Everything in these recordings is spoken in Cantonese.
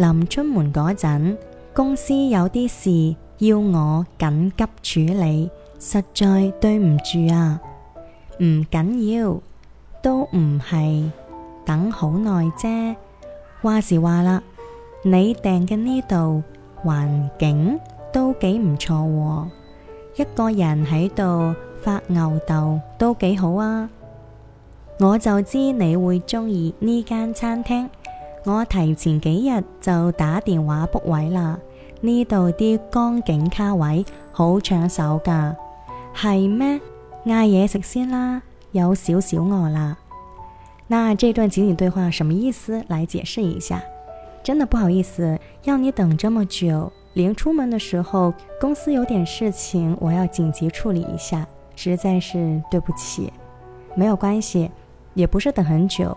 臨出門嗰陣，公司有啲事要我緊急處理，實在對唔住啊。唔緊要，都唔係等好耐啫。話時話啦，你訂嘅呢度環境都幾唔錯，一個人喺度發吽哣都幾好啊。我就知你會中意呢間餐廳。我提前幾日就打電話卜位啦，呢度啲江景卡位好搶手噶，係咩？嗌嘢食先啦，有少少餓啦。那這段情景對話什麼意思？來解釋一下。真的不好意思，要你等這麼久。臨出門的時候，公司有點事情，我要緊急處理一下，實在是對不起。沒有關係，也不是等很久。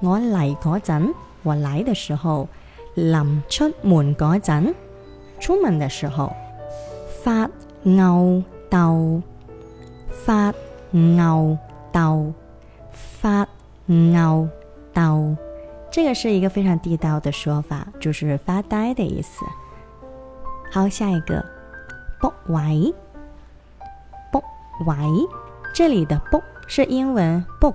我嚟嗰陣，我嚟的時候，臨出門嗰陣，出門的時候，發吽哣，發吽哣，發吽哣，這個是一個非常地道的說法，就是發呆的意思。好，下一個，book 位，book 位，這裏的 book 是英文 book。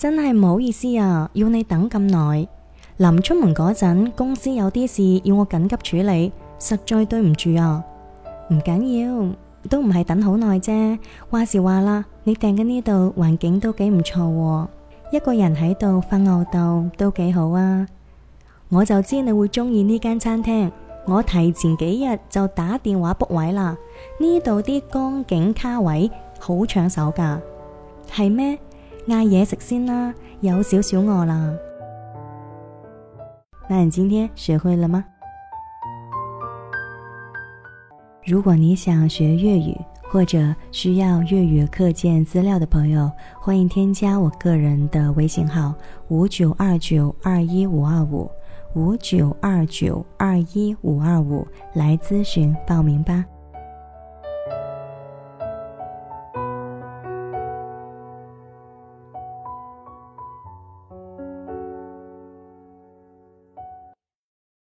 真係唔好意思啊，要你等咁耐。臨出門嗰陣，公司有啲事要我緊急處理，實在對唔住啊。唔緊要，都唔係等好耐啫。話時話啦，你訂嘅呢度環境都幾唔錯喔，一個人喺度發吽哣都幾好啊。我就知你會鍾意呢間餐廳，我提前幾日就打電話卜位啦。呢度啲江景卡位好搶手噶，係咩？嗌嘢食先啦，有少少餓啦。那你今天學會了嗎？如果你想學粵語或者需要粵語課件資料的朋友，歡迎添加我個人的微信號五九二九二一五二五五九二九二一五二五來諮詢報名吧。